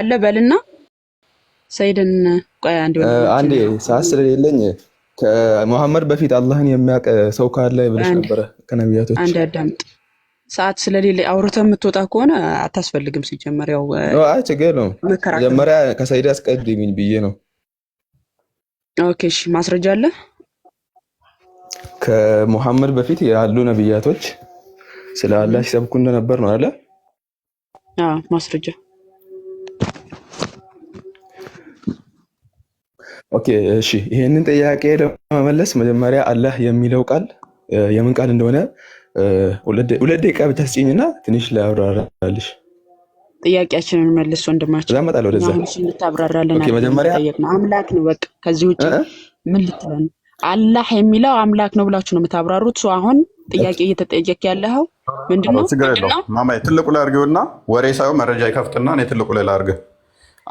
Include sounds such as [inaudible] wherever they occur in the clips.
አለ በልና ሰይድን ቆይ አንዴ ሰዓት ስለሌለኝ ከሙሐመድ በፊት አላህን የሚያውቅ ሰው ካለ ብለሽ ነበረ ከነቢያቶች አንድ አዳምጥ ሰዓት ስለሌለ አውርተ የምትወጣ ከሆነ አታስፈልግም ሲጀመር ያው አይ ችግር ነው መጀመሪያ ከሰይድ አስቀድሚኝ ብዬ ነው ኦኬ እሺ ማስረጃ አለ ከሙሐመድ በፊት ያሉ ነቢያቶች ስለ አላህ ሲሰብኩ እንደነበር ነው አለ ማስረጃ ኦኬ እሺ፣ ይሄንን ጥያቄ ለመመለስ መጀመሪያ አላህ የሚለው ቃል የምን ቃል እንደሆነ ሁለት ደቂቃ ብቻ ስጭኝና ትንሽ ላብራራልሽ። ጥያቄያችንን መልስ ወንድማችን። እዛ እመጣለሁ ወደዛ እንድታብራራልን መጀመሪያ አምላክ ነው በቃ። ከዚህ ውጭ ምን ልትለን? አላህ የሚለው አምላክ ነው ብላችሁ ነው የምታብራሩት። አሁን ጥያቄ እየተጠየቅ ያለው ምንድን ነው? ማማዬ ትልቁ ላይ አድርገውና ወሬ ሳይሆን መረጃ ይከፍትና እኔ ትልቁ ላይ ላድርግ።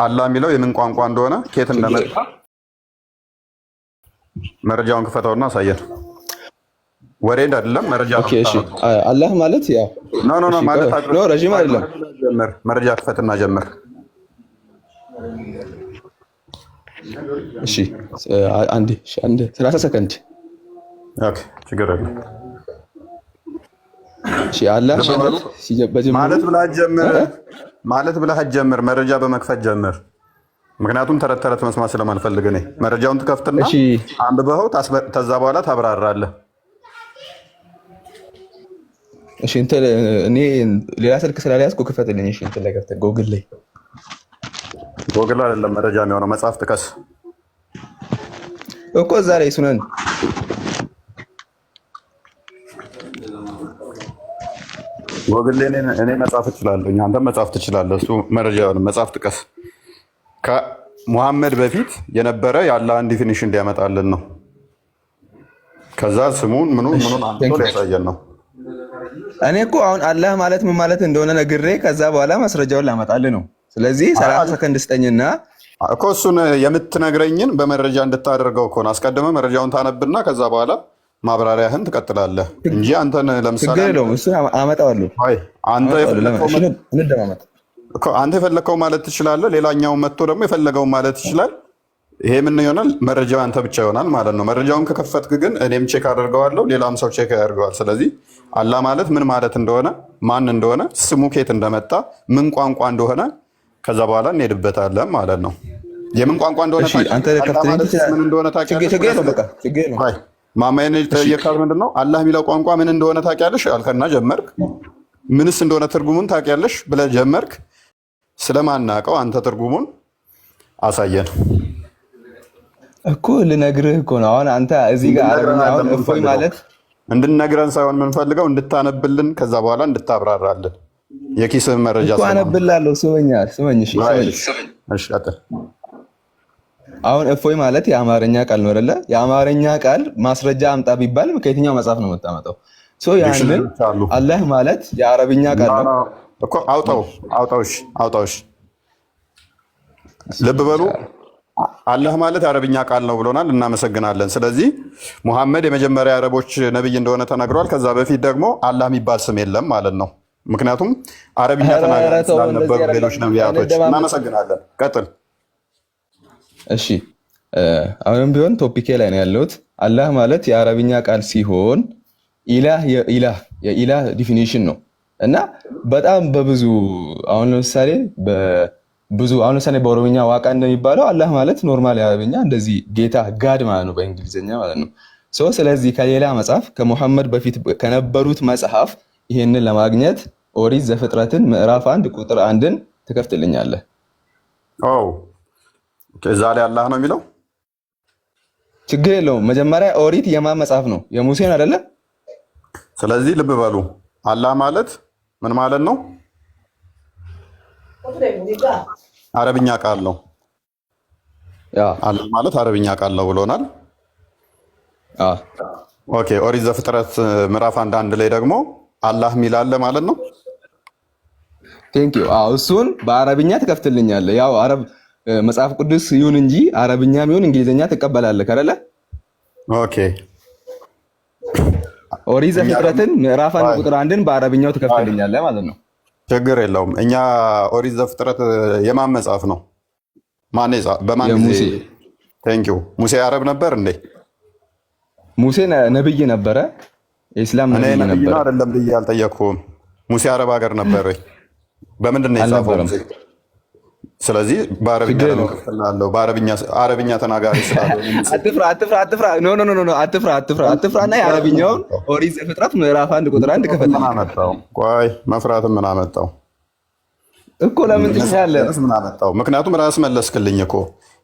አላህ የሚለው የምን ቋንቋ እንደሆነ ኬት እንደመጣ መረጃውን ክፈተውና አሳየን። ወሬ አይደለም መረጃ አላህ ማለት ያው ኖ ኖ ኖ ማለት ረዥም አይደለም መረጃ ክፈትና ጀምር። እሺ አንዴ አንዴ 30 ሰከንድ ኦኬ፣ ችግር የለም። እሺ አላህ ማለት ማለት ጀምር። ማለት ብለህ ጀምር። መረጃ በመክፈት ጀምር። ምክንያቱም ተረት ተረት መስማት ስለማልፈልግ ነ መረጃውን ትከፍትና አንብበኸው ተዛ በኋላ ታብራራለህ። እኔ ሌላ ስልክ ስላለያዝኩ ክፈትልኝ። እሺ እንትን ላይ ጎግል ላይ ጎግል አይደለም መረጃ የሚሆነው መጽሐፍ ጥቀስ እኮ እዛ ላይ ሱነን ጎግል እኔ መጽሐፍ እችላለሁ፣ አንተም መጽሐፍ ትችላለህ። እሱ መረጃ መጽሐፍ ጥቀስ ከሙሐመድ በፊት የነበረ የአላህን ዲፊኒሽን ሊያመጣልን ነው። ከዛ ስሙን ምኑን ምኑን አንቶ ሊያሳየን ነው። እኔ እኮ አሁን አላህ ማለት ምን ማለት እንደሆነ ነግሬ ከዛ በኋላ ማስረጃውን ላመጣልህ ነው። ስለዚህ ሰላሳ ሰከንድ ስጠኝና እኮ እሱን የምትነግረኝን በመረጃ እንድታደርገው ከሆነ አስቀድመ መረጃውን ታነብና ከዛ በኋላ ማብራሪያህን ትቀጥላለህ እንጂ አንተን ለምሳሌ አመጣዋለሁ አንተ አንተ የፈለግከው ማለት ትችላለህ። ሌላኛው መጥቶ ደግሞ የፈለገው ማለት ይችላል። ይሄ ምን ይሆናል? መረጃው አንተ ብቻ ይሆናል ማለት ነው። መረጃውን ከከፈትክ ግን እኔም ቼክ አደርገዋለሁ፣ ሌላም ሰው ቼክ ያደርገዋል። ስለዚህ አላህ ማለት ምን ማለት እንደሆነ፣ ማን እንደሆነ፣ ስሙ ኬት እንደመጣ፣ ምን ቋንቋ እንደሆነ ከዛ በኋላ እንሄድበታለን ማለት ነው። የምን ቋንቋ ምን እንደሆነ ማማዬን ጠየካት። ምንድን ነው አላህ የሚለው ቋንቋ ምን እንደሆነ ታውቂያለሽ አልከና ጀመርክ። ምንስ እንደሆነ ትርጉሙን ታውቂያለሽ ብለህ ጀመርክ። ስለማናቀው አንተ ትርጉሙን አሳየን እኮ ልነግርህ እኮ ነው። አሁን አንተ እዚህ ጋር አሁን እፎይ ማለት እንድንነግረን ሳይሆን የምንፈልገው እንድታነብልን፣ ከዛ በኋላ እንድታብራራልን የኪስህን መረጃ አነብላለሁ። ስመኛ ስመኝ አሁን እፎይ ማለት የአማርኛ ቃል ነው አይደለ? የአማርኛ ቃል ማስረጃ አምጣ ቢባል ከየትኛው መጽሐፍ ነው የምታመጣው? ያንን አላህ ማለት የአረብኛ ቃል ነው እኮ አውጣው አውጣውሽ አውጣውሽ። ልብ በሉ አላህ ማለት የአረብኛ ቃል ነው ብሎናል። እናመሰግናለን። ስለዚህ ሙሐመድ የመጀመሪያ የአረቦች ነቢይ እንደሆነ ተነግሯል። ከዛ በፊት ደግሞ አላህ የሚባል ስም የለም ማለት ነው። ምክንያቱም አረብኛ ተናጋሪ ስላልነበሩ ሌሎች ነቢያቶች። እናመሰግናለን። ቀጥል። እሺ አሁንም ቢሆን ቶፒኬ ላይ ነው ያለሁት። አላህ ማለት የአረብኛ ቃል ሲሆን ኢላህ የኢላህ የኢላህ ዲፊኒሽን ነው እና በጣም በብዙ አሁን ለምሳሌ ብዙ አሁን ለምሳሌ በኦሮምኛ ዋቃ እንደሚባለው አላህ ማለት ኖርማል የአረብኛ እንደዚህ ጌታ ጋድ ማለት ነው፣ በእንግሊዝኛ ማለት ነው። ስለዚህ ከሌላ መጽሐፍ ከሙሐመድ በፊት ከነበሩት መጽሐፍ ይህንን ለማግኘት ኦሪት ዘፍጥረትን ምዕራፍ አንድ ቁጥር አንድን ትከፍትልኛለህ። እዛ ላይ አላህ ነው የሚለው ችግር የለውም። መጀመሪያ ኦሪት የማን መጽሐፍ ነው? የሙሴን አይደለም? ስለዚህ ልብ በሉ አላህ ማለት ምን ማለት ነው? አረብኛ ቃል ነው አለ ማለት አረብኛ ቃል ነው ብሎናል። ኦኬ ኦሪት ዘፍጥረት ምዕራፍ አንድ አንድ ላይ ደግሞ አላህ ሚላለ ማለት ነው። ቴንክ ዩ እሱን በአረብኛ ትከፍትልኛለህ። ያው አረብ መጽሐፍ ቅዱስ ይሁን እንጂ አረብኛ ሚሆን እንግሊዝኛ ትቀበላለህ ከረለ ኦኬ ኦሪት ዘፍጥረትን ምዕራፍ አንድ ቁጥር አንድን በአረብኛው ትከፍትልኛለህ ማለት ነው። ችግር የለውም። እኛ ኦሪት ዘፍጥረት የማን መጽሐፍ ነው? በማን ጊዜ? ቴንኪው። ሙሴ አረብ ነበር እንዴ? ሙሴ ነብይ ነበረ። ኢስላም ነብይ ነበረ አይደለም ብዬ አልጠየቅኩም። ሙሴ አረብ ሀገር ነበር ወይ? በምንድን ነው የጻፈው? ስለዚህ በአረብኛ ለመክፈላለው ተናጋሪ ስላለአትፍራ [laughs] አትፍራ አትፍራ እና የአረብኛውን ኦሪት ዘፍጥረት ምዕራፍ አንድ ቁጥር አንድ ከፈላመጣው ቆይ መፍራትም ምን አመጣው እኮ ለምን ትችላለህ? ምክንያቱም ራስ መለስክልኝ እኮ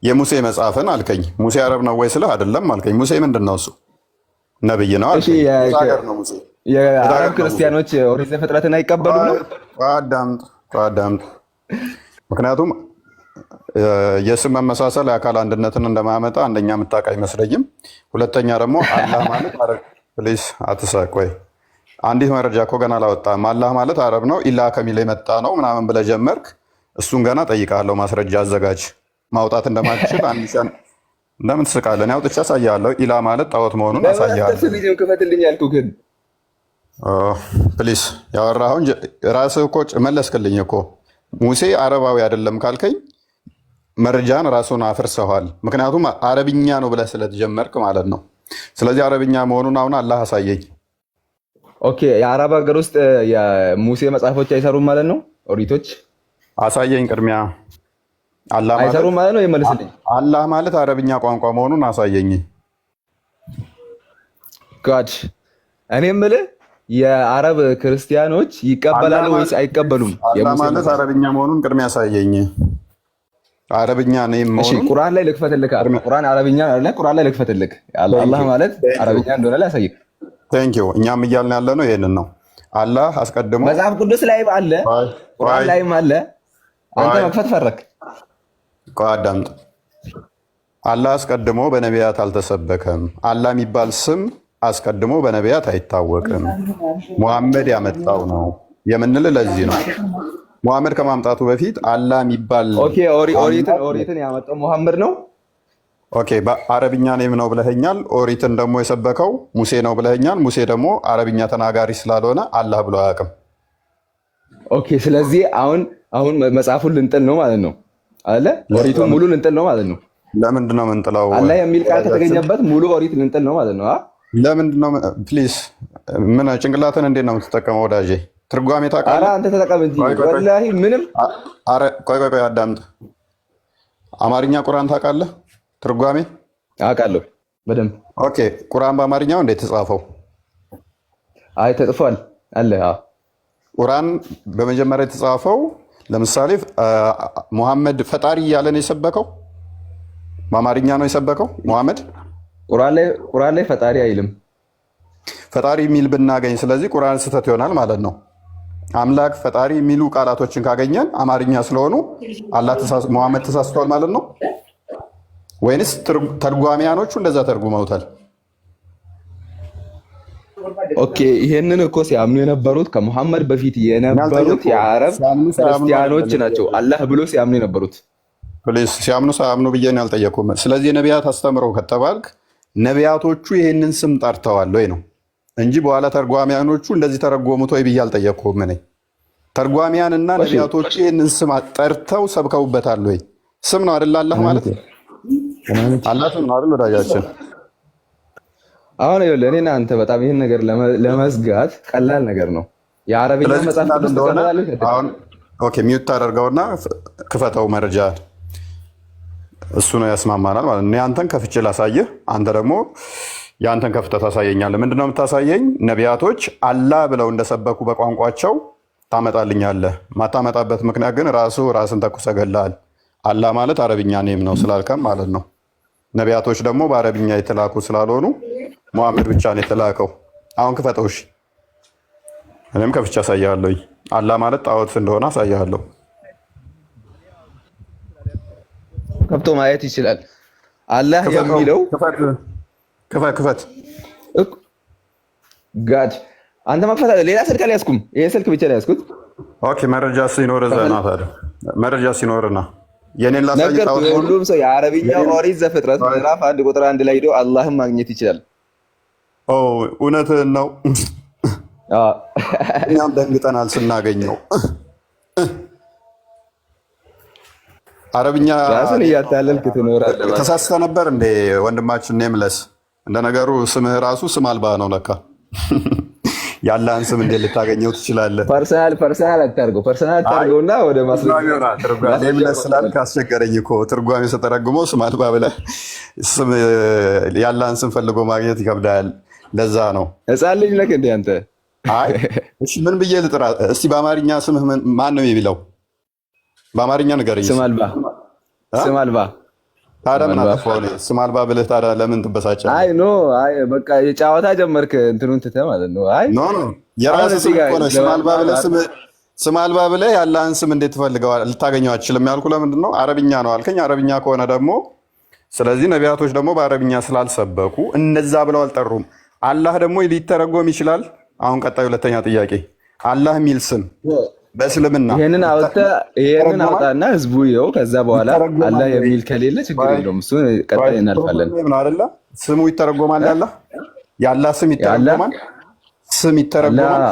የሙሴ መጽሐፍን አልከኝ። ሙሴ አረብ ነው ወይ ስልህ አይደለም አልከኝ። ሙሴ ምንድን ነው እሱ? ነብይ ነው አልከኝ። የአረብ ክርስቲያኖች ኦሪት ዘፍጥረትን አይቀበሉም። አዳምጥ አዳምጥ ምክንያቱም የስም መመሳሰል የአካል አንድነትን እንደማያመጣ አንደኛ የምታውቅ አይመስለኝም። ሁለተኛ ደግሞ አላህ ማለት ፕሊስ አትሳቅ። ወይ አንዲት መረጃ እኮ ገና አላወጣም። አላህ ማለት አረብ ነው ኢላ ከሚል የመጣ ነው ምናምን ብለህ ጀመርክ። እሱን ገና ጠይቃለሁ። ማስረጃ አዘጋጅ። ማውጣት እንደማትችል አንድ ቀን ትስቃለን? ያው ጥቻ አሳያለሁ። ኢላ ማለት ጣዖት መሆኑን አሳያለሁ። ክፈትልኝ ያልኩህ ግን ፕሊዝ ያወራኸውን ራስህ እኮ መለስክልኝ እኮ ሙሴ አረባዊ አይደለም ካልከኝ መረጃን ራሱን አፍርሰዋል። ምክንያቱም አረብኛ ነው ብለህ ስለተጀመርክ ማለት ነው። ስለዚህ አረብኛ መሆኑን አሁን አላህ አሳየኝ። ኦኬ፣ የአረብ ሀገር ውስጥ የሙሴ መጽሐፎች አይሰሩም ማለት ነው። ኦሪቶች አሳየኝ ቅድሚያ አይሰሩም ማለት ነው። ይመልስልኝ። አላህ ማለት አረብኛ ቋንቋ መሆኑን አሳየኝ ጋድ እኔ የምልህ የአረብ ክርስቲያኖች ይቀበላሉ ወይስ አይቀበሉም? ማለት አረብኛ መሆኑን ቅድሚያ ያሳየኝ። አረብኛ ቁርአን ላይ ልክፈትልክ። ቁርአን አረብኛ ቁርአን ላይ ልክፈትልክ። አላህ ማለት አረብኛ እንደሆነ ላይ ያሳይ። ቴንክ ዩ። እኛም እያልን ያለ ነው ይሄንን ነው። አላህ አስቀድሞ መጽሐፍ ቅዱስ ላይም አለ፣ ቁርአን ላይም አለ። አንተ መክፈት ፈረክ። አዳምጥ። አላህ አስቀድሞ በነቢያት አልተሰበከም። አላህ የሚባል ስም አስቀድሞ በነቢያት አይታወቅም፣ ሙሐመድ ያመጣው ነው የምንል ለዚህ ነው። ሙሐመድ ከማምጣቱ በፊት አላህ የሚባል ኦሪትን ያመጣው ሙሐመድ ነው። ኦኬ በአረብኛ ኔም ነው ብለኸኛል። ኦሪትን ደግሞ የሰበከው ሙሴ ነው ብለኸኛል። ሙሴ ደግሞ አረብኛ ተናጋሪ ስላልሆነ አላህ ብሎ አያውቅም። ኦኬ ስለዚህ አሁን አሁን መጽሐፉን ልንጥል ነው ማለት ነው አለ። ኦሪቱ ሙሉ ልንጥል ነው ማለት ነው። ለምንድን ነው የምንጥለው? አላህ የሚል ቃል ከተገኘበት ሙሉ ኦሪት ልንጥል ነው ማለት ነው። ለምንድን ነው ፕሊስ? ምን ጭንቅላትን እንዴት ነው የምትጠቀመው ወዳጄ? ትርጓሜ ታውቃለህ? አንተ ተጠቀም እንጂ ወላሂ ምንም። ኧረ ቆይ ቆይ ቆይ አዳምጥ። አማርኛ ቁርአን ታውቃለህ? ትርጓሜ አውቃለሁ በደንብ። ኦኬ ቁርአን በአማርኛው እንዴት ተጻፈው? አይ ተጽፏል አለ። አዎ ቁርአን በመጀመሪያ የተጻፈው ለምሳሌ ሙሐመድ ፈጣሪ እያለ ነው የሰበከው? በአማርኛ ነው የሰበከው ሙሐመድ ቁርአን ላይ ፈጣሪ አይልም። ፈጣሪ የሚል ብናገኝ ስለዚህ ቁርአን ስህተት ይሆናል ማለት ነው። አምላክ ፈጣሪ የሚሉ ቃላቶችን ካገኘን አማርኛ ስለሆኑ አላህ መሐመድ ተሳስተዋል ማለት ነው ወይንስ ተርጓሚያኖቹ እንደዛ ተርጉመውታል? ኦኬ ይሄንን እኮ ሲያምኑ የነበሩት ከሙሐመድ በፊት የነበሩት የአረብ ክርስቲያኖች ናቸው። አላህ ብሎ ሲያምኑ የነበሩት ሲያምኑ ሳያምኑ ብዬን ያልጠየቁም። ስለዚህ ነቢያት አስተምረው ከተባልክ ነቢያቶቹ ይህንን ስም ጠርተዋል ወይ ነው እንጂ በኋላ ተርጓሚያኖቹ እንደዚህ ተረጎሙት ወይ ብዬ አልጠየቅኩም። እኔ ተርጓሚያንና ነቢያቶቹ ይህንን ስም ጠርተው ሰብከውበታል ወይ? ስም ነው አይደል? አላህ ማለት አላህ ስም ነው አይደል? ወዳጃችን አሁን ይኸውልህ፣ እኔና አንተ በጣም ይህን ነገር ለመዝጋት ቀላል ነገር ነው። የአረብኛ መጽሐፍ ቅዱስ እንደሆነ ሚዩት ታደርገውና ክፈተው መረጃ እሱ ነው ያስማማናል ማለት ነው። ያንተን ከፍቼ ላሳየህ፣ አንተ ደግሞ የአንተን ከፍተህ ታሳየኛለህ። ምንድን ነው የምታሳየኝ? ነቢያቶች አላ ብለው እንደሰበኩ በቋንቋቸው ታመጣልኛለህ። ማታመጣበት ምክንያት ግን ራሱ ራስን ተኩሰገላል። አላ ማለት አረብኛ ኔም ነው ስላልከም ማለት ነው። ነቢያቶች ደግሞ በአረብኛ የተላኩ ስላልሆኑ መሐመድ ብቻ ነው የተላከው። አሁን ክፈተውሽ፣ እኔም ከፍቼ አሳያለሁኝ። አላ ማለት ጣዖት እንደሆነ አሳያለሁ። ከብቶ ማየት ይችላል። አላህ የሚለው ክፈት ጋድ አንተ መክፈት ሌላ ስልክ አልያዝኩም፣ ይሄ ስልክ ብቻ ነው ያዝኩት። ኦኬ መረጃ ሲኖር ዘና ታዲያ መረጃ ሲኖርና የኔን ላሳይህ። ሁሉም ሰው የአረብኛው ኦሪት ዘፍጥረት ምዕራፍ አንድ ቁጥር አንድ ላይ ሄዶ አላህም ማግኘት ይችላል። እውነትህን ነው። እኛም ደንግጠናል ስናገኘው አረብኛ ራስን እያታለልክ ትኖራለህ። ተሳስተህ ነበር እንደ ወንድማችን ኔምለስ። እንደ ነገሩ ስምህ ራሱ ስም አልባ ነው ለካ። [laughs] ያለህን ስም እንዴት ልታገኘው ትችላለህ? ፐርሰናል ፐርሰናል አታርገው፣ ፐርሰናል እና ወደ ኔምለስ ስላልክ አስቸገረኝ እኮ። ትርጓሜ ስተረጉሞ ስም አልባ ብለህ ያለህን ስም ፈልጎ ማግኘት ይከብዳል። ለዛ ነው ህፃን ልጅ ነህ እንደ አንተ። አይ ምን ብዬ ልጥራ እስቲ በአማርኛ ስምህ ማን ነው የሚለው? በአማርኛ ንገረኝ። ስም አልባ ስም አልባ ታዲያ ምን አጠፋሁ ስም አልባ ብልህ ታዲያ ለምን ትበሳጨ? አይ ኖ አይ በቃ የጨዋታ ጀመርክ እንትኑን ትተህ ማለት ነው። አይ ኖ ኖ የራስህ ስም እኮ ነው። ስም አልባ ብለህ ስም ስም አልባ ብለህ ያለህን ስም እንዴት ትፈልገዋለህ? ልታገኘው አትችልም ያልኩህ ለምንድን ነው? አረብኛ ነው አልከኝ። አረብኛ ከሆነ ደግሞ ስለዚህ ነቢያቶች ደግሞ በአረብኛ ስላልሰበኩ እነዛ ብለው አልጠሩም። አላህ ደግሞ ሊተረጎም ይችላል። አሁን ቀጣይ ሁለተኛ ጥያቄ አላህ የሚል ስም በእስልምና ይህንን አውጣ ይህንን አውጣና ህዝቡ ይኸው። ከዛ በኋላ አላህ የሚል ከሌለ ችግር የለውም። እሱ ቀጣይ እናልፋለን። አይደለ ስሙ ይተረጎማል። ያለ ያላ ስም ይተረጎማል። ስም ይተረጎማል።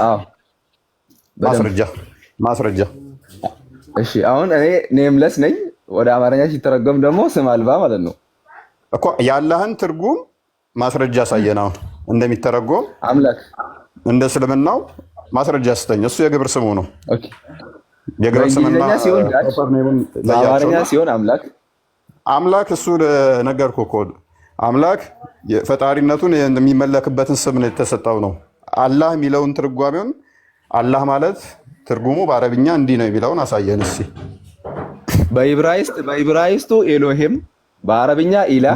ማስረጃ ማስረጃ። እሺ አሁን እኔ ኔምለስ ነኝ። ወደ አማርኛ ሲተረጎም ደግሞ ስም አልባ ማለት ነው እኮ። ያላህን ትርጉም ማስረጃ ያሳየን አሁን እንደሚተረጎም አምላክ እንደ እስልምናው ማስረጃ ስጠኝ። እሱ የግብር ስሙ ነው። የግብር ስምና በአማርኛ ሲሆን አምላክ አምላክ እሱ ነገርኩ እኮ አምላክ ፈጣሪነቱን የሚመለክበትን ስም የተሰጠው ነው። አላህ የሚለውን ትርጓሜውን አላህ ማለት ትርጉሙ በአረብኛ እንዲህ ነው የሚለውን አሳየን እስኪ። በኢብራይስጥ በኢብራይስጡ ኤሎሄም፣ በአረብኛ ኢላ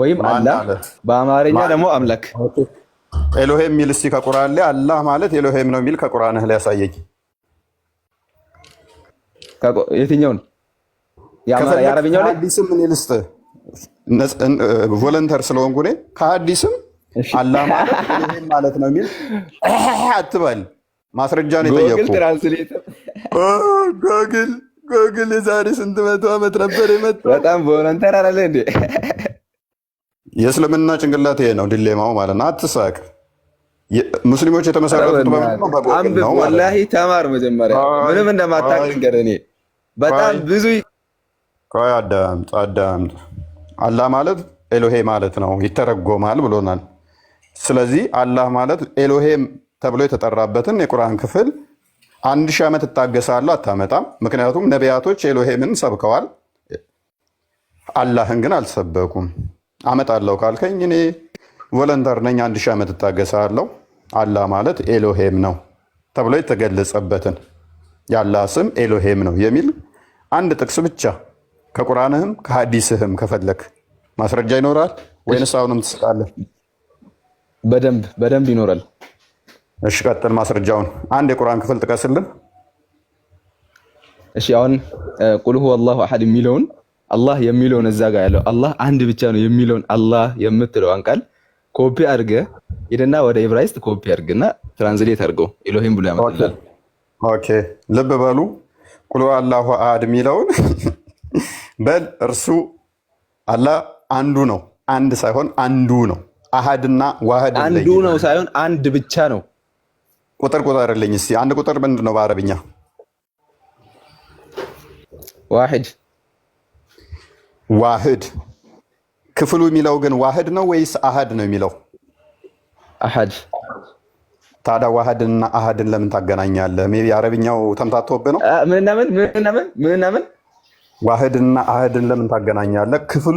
ወይም አላህ፣ በአማርኛ ደግሞ አምላክ ኤሎሄም የሚል እስቲ ከቁርአን ላይ አላህ ማለት ኤሎሄም ነው የሚል ከቁርአንህ ላይ ያሳየኝ። የትኛውን የአረብኛው ላይ ሐዲስም እኔ ልስጥህ፣ ቮለንተር ስለሆንኩ እኔ ከሐዲስም አላህ ማለት ማለት ነው የሚል አትበል። ማስረጃ ነው የጠየቁት። ጎግል የዛሬ ስንት መቶ ዓመት ነበር የመጣው። በጣም ቮለንተር አለ እንዴ? የእስልምና ጭንቅላት ይሄ ነው፣ ዲሌማው ማለት ነው። አትሳቅ። ሙስሊሞች የተመሰረቱት ነው። ወላሂ ተማር መጀመሪያ ምንም እንደማታውቅ ነገር እኔ በጣም ብዙ ቆይ፣ አዳምጥ አዳምጥ። አላህ ማለት ኤሎሄ ማለት ነው ይተረጎማል ብሎናል። ስለዚህ አላህ ማለት ኤሎሄ ተብሎ የተጠራበትን የቁርአን ክፍል አንድ ሺህ ዓመት እታገሳለሁ አታመጣም። ምክንያቱም ነቢያቶች ኤሎሄምን ሰብከዋል፣ አላህን ግን አልሰበኩም። አመጣለሁ ካልከኝ እኔ ወለንተር ነኝ። አንድ ሺህ ዓመት እታገሳለሁ። አላ ማለት ኤሎሄም ነው ተብሎ የተገለጸበትን ያላ ስም ኤሎሄም ነው የሚል አንድ ጥቅስ ብቻ ከቁርአንህም ከሀዲስህም ከፈለክ ማስረጃ ይኖራል ወይንስ አሁንም ትስቃለህ? በደንብ በደንብ ይኖራል። እሺ ቀጥል። ማስረጃውን አንድ የቁርአን ክፍል ጥቀስልን። እሺ አሁን ቁልሁ አላሁ አሐድ የሚለውን አላህ የሚለውን እዛ ጋር ያለው አላህ አንድ ብቻ ነው የሚለውን አላህ የምትለውን ቃል ኮፒ አድርገ ሄደና ወደ ኤብራይስጥ ኮፒ አድርግና ትራንስሌት አድርገው ኢሎሂም ብሎ ያመጣል። ኦኬ ልብ በሉ ቁሎ አላሁ አድ የሚለውን [laughs] በል እርሱ አላህ አንዱ ነው፣ አንድ ሳይሆን አንዱ ነው። አሃድና ዋህድ አንዱ ነው ሳይሆን አንድ ብቻ ነው። ቁጥር ቁጥር አይደለኝ። እስኪ አንድ ቁጥር ምንድን ነው በአረብኛ? ዋሂድ ዋህድ ክፍሉ የሚለው ግን ዋህድ ነው ወይስ አሃድ ነው የሚለው? አሃድ። ታዲያ ዋህድንና አሃድን ለምን ታገናኛለህ? ሜይ ቢ አረብኛው ተምታቶብህ ነው። ምንና ምን ምንና ዋህድና አህድን ለምን ታገናኛለህ? ክፍሉ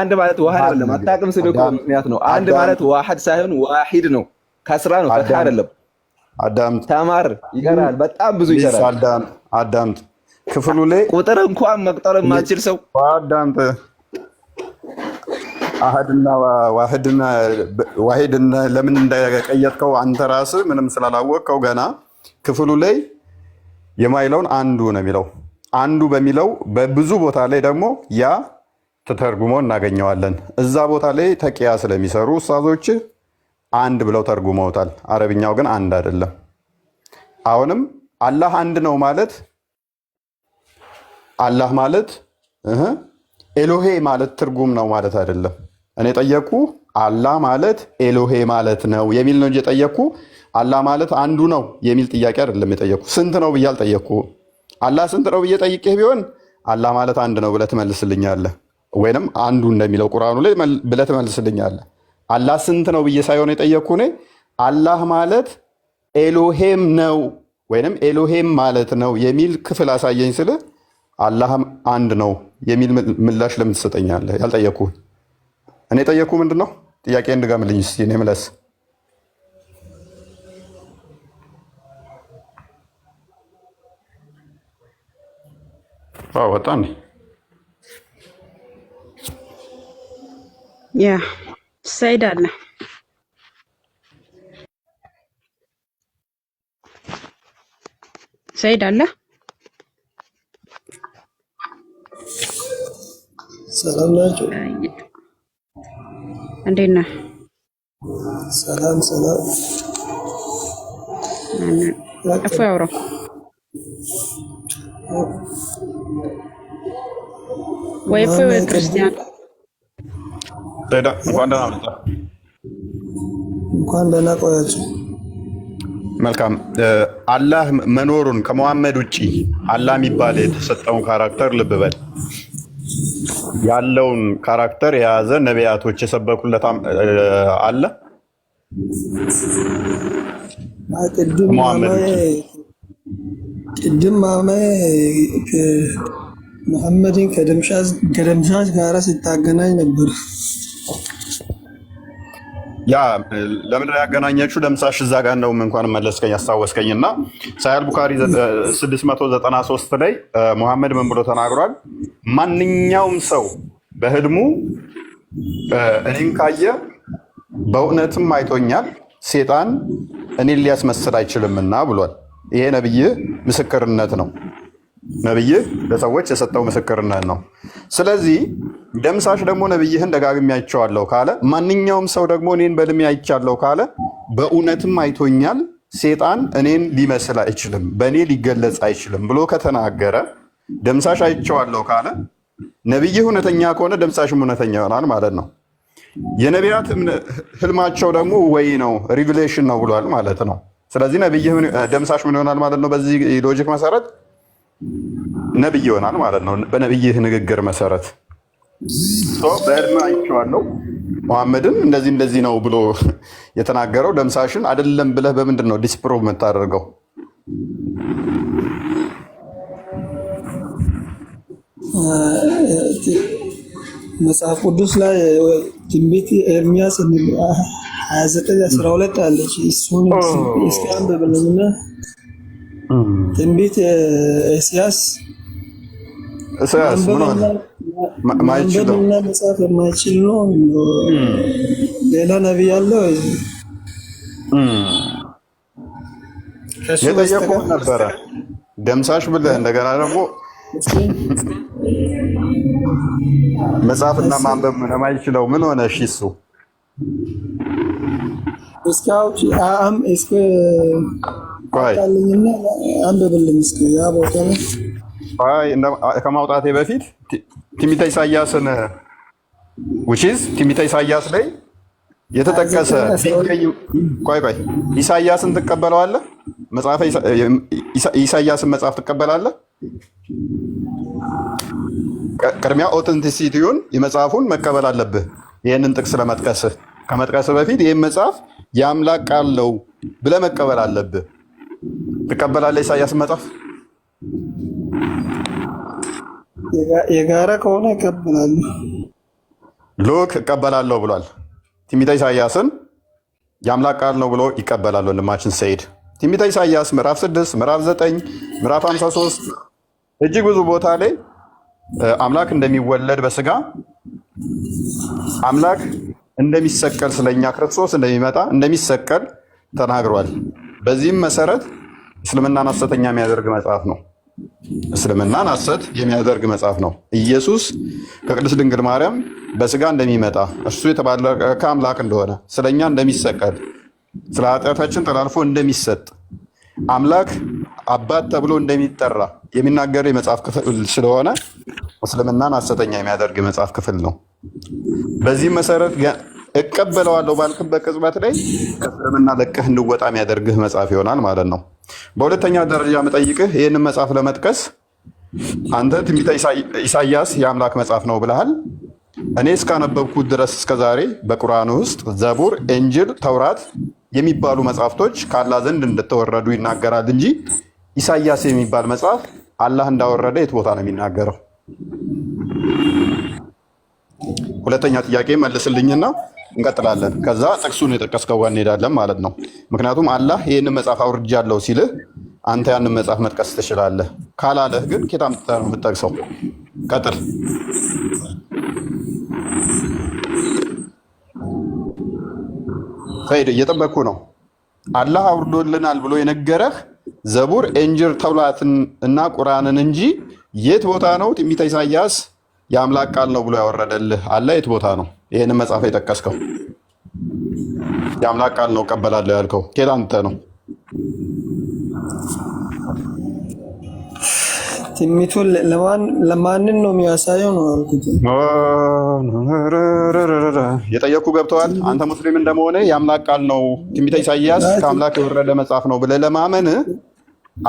አንድ ማለት ዋህድ አይደለም። አታውቅም ስል ምክንያት ነው። አንድ ማለት ዋህድ ሳይሆን ዋሂድ ነው። ከስራ ነው ከታ አይደለም። አዳምጥ፣ ተማር። ይገራል። በጣም ብዙ ይገራል። አዳምት ክፍሉ ላይ ቁጥር እንኳን መቁጠር የማችል ሰው ዋዳንተ አህድና ዋህድና ዋሂድና ለምን እንደቀየጥከው አንተ ራስ ምንም ስላላወቅከው ገና ክፍሉ ላይ የማይለውን አንዱ ነው የሚለው አንዱ በሚለው በብዙ ቦታ ላይ ደግሞ ያ ተተርጉሞ እናገኘዋለን። እዛ ቦታ ላይ ተቂያ ስለሚሰሩ ውሳዞች አንድ ብለው ተርጉመውታል። አረብኛው ግን አንድ አይደለም። አሁንም አላህ አንድ ነው ማለት አላህ ማለት ኤሎሄ ማለት ትርጉም ነው ማለት አይደለም። እኔ ጠየኩ አላህ ማለት ኤሎሄ ማለት ነው የሚል ነው እንጂ የጠየኩ አላህ ማለት አንዱ ነው የሚል ጥያቄ አይደለም የጠየቅኩ። ስንት ነው ብዬ አልጠየኩ። አላህ ስንት ነው ብዬ ጠይቄህ ቢሆን አላህ ማለት አንድ ነው ብለህ ትመልስልኛለህ፣ ወይንም አንዱ እንደሚለው ቁርአኑ ላይ ብለህ ትመልስልኛለህ። አላህ ስንት ነው ብዬ ሳይሆን የጠየኩ እኔ አላህ ማለት ኤሎሄም ነው ወይንም ኤሎሄም ማለት ነው የሚል ክፍል አሳየኝ ስልህ አላህም አንድ ነው የሚል ምላሽ ለምን ትሰጠኛለህ? ያልጠየኩህን እኔ ጠየኩህ ምንድን ነው? ጥያቄ እንድገምልኝ እስኪ እኔ ምለስ ወጣ ያ ሰይድ አለ ሰይድ አለ ሰላም ናቸው። እንዴት ነህ? ሰላም ሰላም። እፎ ያውራው ወይ እፎ ክርስቲያን እንኳን ደህና ቆያችሁ። መልካም አላህ መኖሩን ከመሐመድ ውጭ አላህ የሚባል የተሰጠውን ካራክተር ልብ በል ያለውን ካራክተር የያዘ ነቢያቶች የሰበኩለት አለ። ቅድም ማመ መሐመድን ከደምሻዝ ጋር ስታገናኝ ነበር። ያ ለምንድን ነው ያገናኘችው? ለምሳሽ እዛ ጋር ነው እንኳን መለስከኝ አስታወስከኝ። እና ሳያል ቡካሪ 693 ላይ ሙሐመድ ምን ብሎ ተናግሯል? ማንኛውም ሰው በህልሙ እኔን ካየ በእውነትም አይቶኛል፣ ሴጣን እኔን ሊያስመስል አይችልምና ብሏል። ይሄ ነብይ ምስክርነት ነው። ነብይህ ለሰዎች የሰጠው ምስክርነት ነው። ስለዚህ ደምሳሽ ደግሞ ነብይህን ደጋግሜ አይቼዋለሁ ካለ፣ ማንኛውም ሰው ደግሞ እኔን በልሜ አይቻለሁ ካለ በእውነትም አይቶኛል፣ ሴጣን እኔን ሊመስል አይችልም፣ በእኔ ሊገለጽ አይችልም ብሎ ከተናገረ ደምሳሽ አይቸዋለሁ ካለ ነብይህ እውነተኛ ከሆነ ደምሳሽም እውነተኛ ይሆናል ማለት ነው። የነቢያት ህልማቸው ደግሞ ወይ ነው ሪቪሌሽን ነው ብሏል ማለት ነው። ስለዚህ ነብይህ ደምሳሽ ምን ይሆናል ማለት ነው በዚህ ሎጂክ መሰረት ነብይ ይሆናል ማለት ነው። በነብይህ ንግግር መሰረት በህልም አይቼዋለሁ መሐመድን እንደዚህ እንደዚህ ነው ብሎ የተናገረው ደምሳሽን አይደለም ብለህ በምንድን ነው ዲስፕሮቭ የምታደርገው? መጽሐፍ ቅዱስ ላይ ትንቢት ኤርሚያስ 29 12 አለች እሱን ትንቢት ኢሳያስ ኢሳያስ ምን መጽሐፍ የማይችል ነው። ሌላ ነቢይ ነበረ ደምሳሽ ብለህ እንደገና ደግሞ መጽሐፍና ማንበብ ለማይችለው ምን ሆነ? እሺ እሱ እስከ አውጣልኝና አንብብልኝ እስኪ ያ ቦታ ላይ ከማውጣቴ በፊት ትንቢተ ኢሳያስን ውቺዝ ትንቢተ ኢሳያስ ላይ የተጠቀሰ ቆይ ቆይ ኢሳያስን ትቀበለዋለህ? መጽሐፈ ኢሳያስን መጽሐፍ ትቀበላለህ? ቅድሚያ ኦተንቲሲቲውን የመጽሐፉን መቀበል አለብህ። ይህንን ጥቅስ ለመጥቀስህ ከመጥቀስህ በፊት ይህን መጽሐፍ የአምላክ ቃል ነው ብለህ መቀበል አለብህ። ትቀበላለህ? ኢሳያስ መጽሐፍ የጋራ ከሆነ እቀበላለሁ። ሉክ እቀበላለሁ ብሏል። ትንቢተ ኢሳያስን የአምላክ ቃል ነው ብሎ ይቀበላል ወንድማችን ሰይድ። ትንቢተ ኢሳያስ ምዕራፍ 6 ምዕራፍ 9 ምዕራፍ 53 እጅግ ብዙ ቦታ ላይ አምላክ እንደሚወለድ በስጋ አምላክ እንደሚሰቀል ስለኛ ክርስቶስ እንደሚመጣ እንደሚሰቀል ተናግሯል። በዚህም መሰረት እስልምናን ሐሰተኛ የሚያደርግ መጽሐፍ ነው። እስልምናን ሐሰት የሚያደርግ መጽሐፍ ነው። ኢየሱስ ከቅድስት ድንግል ማርያም በስጋ እንደሚመጣ እሱ የተባረከ አምላክ እንደሆነ ስለኛ እንደሚሰቀል ስለ ኃጢአታችን ተላልፎ እንደሚሰጥ አምላክ አባት ተብሎ እንደሚጠራ የሚናገር የመጽሐፍ ክፍል ስለሆነ እስልምናን ሐሰተኛ የሚያደርግ የመጽሐፍ ክፍል ነው። በዚህም መሰረት እቀበለዋለሁ ባልክም በቅጽበት ላይ ከእስልምና ለቀህ እንድወጣ የሚያደርግህ መጽሐፍ ይሆናል ማለት ነው። በሁለተኛ ደረጃ መጠይቅህ ይህንን መጽሐፍ ለመጥቀስ አንተ ትንቢተ ኢሳያስ የአምላክ መጽሐፍ ነው ብለሃል። እኔ እስካነበብኩት ድረስ እስከዛሬ በቁርአኑ ውስጥ ዘቡር፣ እንጅል፣ ተውራት የሚባሉ መጽሐፍቶች ካላ ዘንድ እንደተወረዱ ይናገራል እንጂ ኢሳያስ የሚባል መጽሐፍ አላህ እንዳወረደ የት ቦታ ነው የሚናገረው? ሁለተኛ ጥያቄ መልስልኝና እንቀጥላለን። ከዛ ጥቅሱን የጠቀስከው እንሄዳለን ማለት ነው። ምክንያቱም አላህ ይህንን መጽሐፍ አውርጃለሁ ሲልህ አንተ ያንን መጽሐፍ መጥቀስ ትችላለህ። ካላለህ ግን ኬታ የምትጠቅሰው ቀጥል። ሰይድ እየጠበቅኩ ነው። አላህ አውርዶልናል ብሎ የነገረህ ዘቡር ኤንጅር፣ ተውላትን እና ቁርአንን እንጂ የት ቦታ ነው ትንቢተ ኢሳያስ የአምላክ ቃል ነው ብሎ ያወረደልህ አላህ የት ቦታ ነው? ይሄንን መጽሐፍ የጠቀስከው የአምላክ ቃል ነው እቀበላለሁ ያልከው ኬላ አንተ ነው። ትሚቱ ለማንን ነው የሚያሳየው? ነው ገብተዋል። አንተ ሙስሊም እንደመሆነ የአምላክ ቃል ነው ትሚተ ኢሳያስ ከአምላክ የወረደ መጽሐፍ ነው ብለህ ለማመን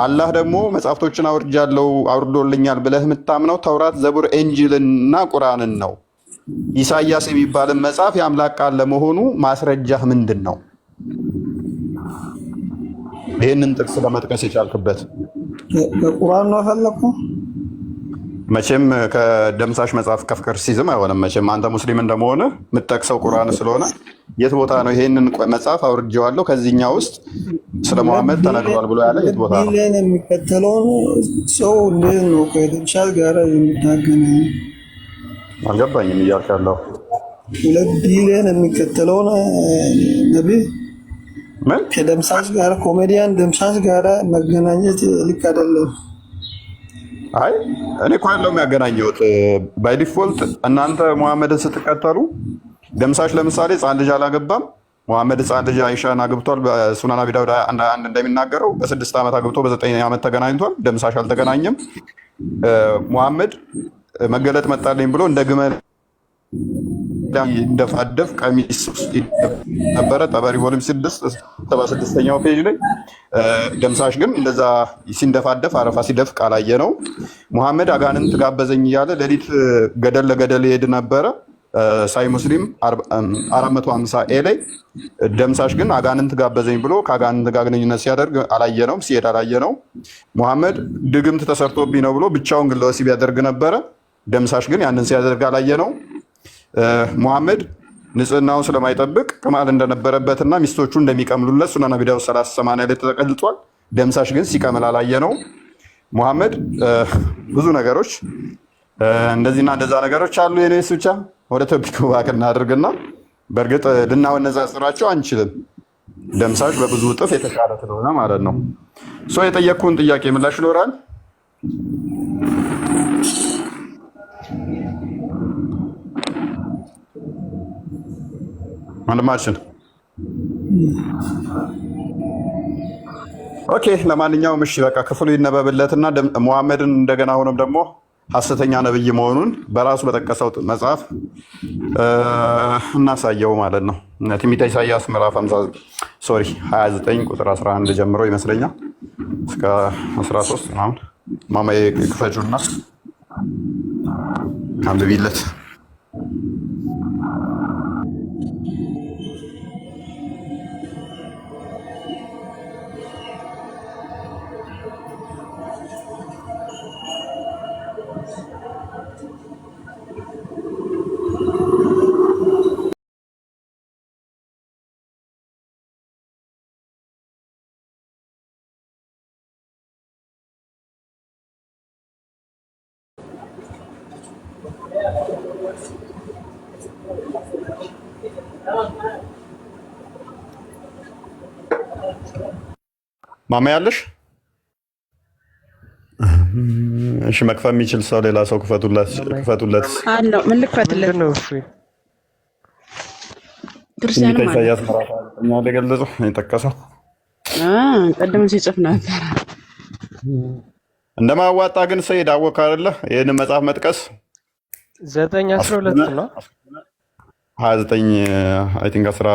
አላህ ደግሞ መጽሐፍቶችን አውርጃለሁ አውርዶልኛል ብለህ የምታምነው ተውራት፣ ዘቡር፣ ኤንጅልና ቁርአንን ነው ኢሳያስ የሚባልን መጽሐፍ የአምላክ ቃል ለመሆኑ ማስረጃ ምንድን ነው? ይህንን ጥቅስ ለመጥቀስ የቻልክበት ቁርአን ነው መቼም ከደምሳሽ መጽሐፍ ሲዝም አይሆንም። መቼም አንተ ሙስሊም እንደመሆነ የምጠቅሰው ቁርአን ስለሆነ የት ቦታ ነው ይህንን መጽሐፍ አውርጄዋለሁ ከዚህኛ ውስጥ ስለ መሐመድ ተነግሯል ብሎ ያለ የት ቦታ ነው? የሚከተለውን ሰው እንዴት ነው ከደምሻል ጋር የሚታገናኝ አልገባኝም እያልክ ያለው ሁለት ቢሊዮን የሚከተለውን ነቢ ምን ከደምሳሽ ጋር ኮሜዲያን ደምሳሽ ጋር መገናኘት ልክ አይደለም። አይ እኔ እኮ ያለው የሚያገናኘውት ባይ ዲፎልት እናንተ መሐመድን ስትከተሉ ደምሳሽ ለምሳሌ ህፃን ልጅ አላገባም። መሐመድ ህፃን ልጅ አይሻን አግብቷል። በሱናን አቢ ዳውድ አንድ እንደሚናገረው በስድስት ዓመት አግብቶ በዘጠኝ ዓመት ተገናኝቷል። ደምሳሽ አልተገናኘም። መሐመድ መገለጥ መጣልኝ ብሎ እንደ ግመል እንደፋደፍ ቀሚስ ነበረ። ጠበሪ ቮልም ስድስት ሰባ ስድስተኛው ፔጅ ላይ ደምሳሽ ግን እንደዛ ሲንደፋደፍ አረፋ ሲደፍቅ አላየ ነው። ሙሐመድ አጋንንት ጋበዘኝ እያለ ሌሊት ገደል ለገደል ይሄድ ነበረ። ሳይ ሙስሊም 450 ኤ ላይ ደምሳሽ ግን አጋንንት ጋበዘኝ ብሎ ከአጋንንት ጋር ግንኙነት ሲያደርግ አላየ ነው፣ ሲሄድ አላየ ነው። ሙሐመድ ድግምት ተሰርቶብኝ ነው ብሎ ብቻውን ግለወሲብ ያደርግ ነበረ። ደምሳሽ ግን ያንን ሲያደርግ አላየ ነው። ሙሐመድ ንጽህናውን ስለማይጠብቅ ቅማል እንደነበረበትና ሚስቶቹ እንደሚቀምሉለት ሱነና ቢዳው 38 ላይ ተቀልጧል። ደምሳሽ ግን ሲቀምል አላየ ነው። ሙሐመድ ብዙ ነገሮች እንደዚህና እንደዛ ነገሮች አሉ። የኔስ ብቻ ወደ ቶፒክ ባክ እናድርግና በእርግጥ ልናወነጻጽራቸው አንችልም። ደምሳሽ በብዙ እጥፍ የተሻለ ስለሆነ ማለት ነው። ሰው የጠየቅኩህን ጥያቄ ምላሽ ይኖራል? ወንድማችን ኦኬ ለማንኛውም እሺ በቃ ክፍሉ ይነበብለትና ሙሐመድን እንደገና ሆኖም ደግሞ ሐሰተኛ ነብይ መሆኑን በራሱ በጠቀሰው መጽሐፍ እናሳየው ማለት ነው። ትንቢተ ኢሳያስ ምዕራፍ 29 ቁጥር 11 ጀምሮ ይመስለኛል እስከ 13 ምናምን ማማዬ ክፈጁና አንብቢለት። ማማ ያለሽ? እሺ መክፈት የሚችል ሰው ሌላ ሰው ክፈቱለት። ክፈቱለት ሲጽፍ ነበር። እንደማዋጣ ግን ሰይድ አወቅ አይደለ? ይህን መጽሐፍ መጥቀስ ዘጠኝ አስራ ሁለት ነው ሀያ ዘጠኝ አስራ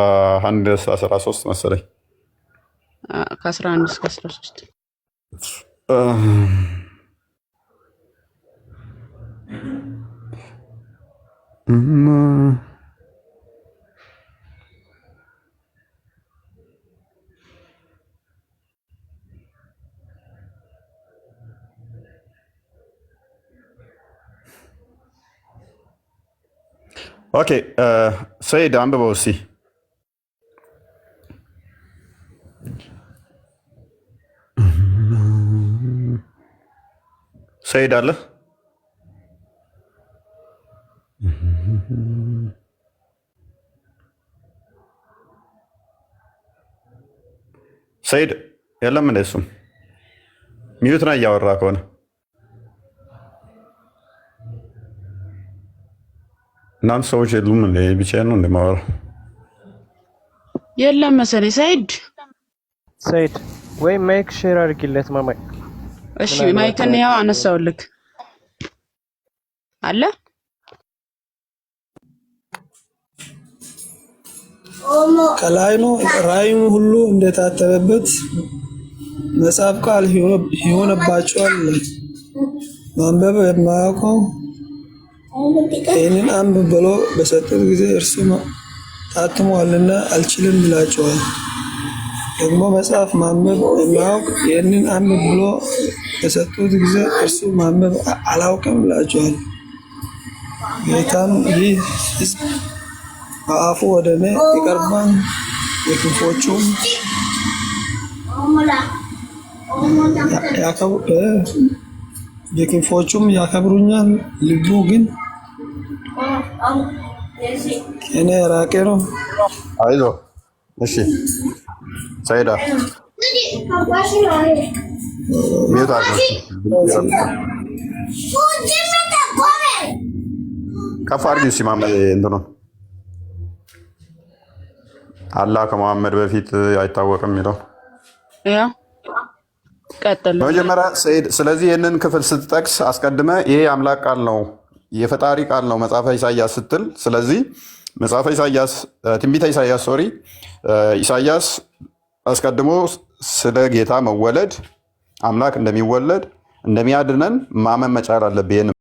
አንድ አስራ ሶስት መሰለኝ ከአስራ አንድ እስከ አስራ ሶስት ኦኬ ሰይድ አንብበው እስኪ ሰይድ አለ ሰይድ የለም። እንደ እሱም ሚዩት ና እያወራ ከሆነ እናንተ ሰዎች የሉም። እንደ ብቻዬን ነው እንደማወራ የለም መሰለኝ። ሰይድ ሰይድ ወይ ማይክ ሼር አድርጊለት ማማይ እሺ ማይክን ያው አነሳውልክ አለ ከላይ ነው ራይም ሁሉ እንደታተበበት መጽሐፍ ቃል ይሆነባቸዋል። ማንበብ የማያውቀው ይህንን አንብ ብሎ በሰጠው ጊዜ እርሱ ታትሟልና አልችልም ብላቸዋል። ደግሞ መጽሐፍ ማንበብ የማያውቅ ይህንን አንብብ ብሎ በሰጡት ጊዜ እርሱ ማንበብ አላውቅም ብላችኋል። ጌታም ይህ ሕዝብ በአፉ ወደ እኔ ይቀርባል፣ የክንፎቹም የክንፎቹም ያከብሩኛል፣ ልቡ ግን ከእኔ የራቀ ነው። አይዞህ እሺ ሰይዳ ከፍ አድርጊው። እስኪ ማመድ እንትኑ አላህ ከመሐመድ በፊት አይታወቅም የሚለው በመጀመሪያ ስለዚህ ይህንን ክፍል ስትጠቅስ አስቀድመ ይሄ አምላክ ቃል ነው የፈጣሪ ቃል ነው መጽሐፈ ኢሳያስ ስትል ስለዚህ መጽሐፈ ኢሳያስ ትንቢተ ኢሳያስ ሶሪ ኢሳያስ አስቀድሞ ስለ ጌታ መወለድ አምላክ እንደሚወለድ እንደሚያድነን ማመን መቻል አለብን።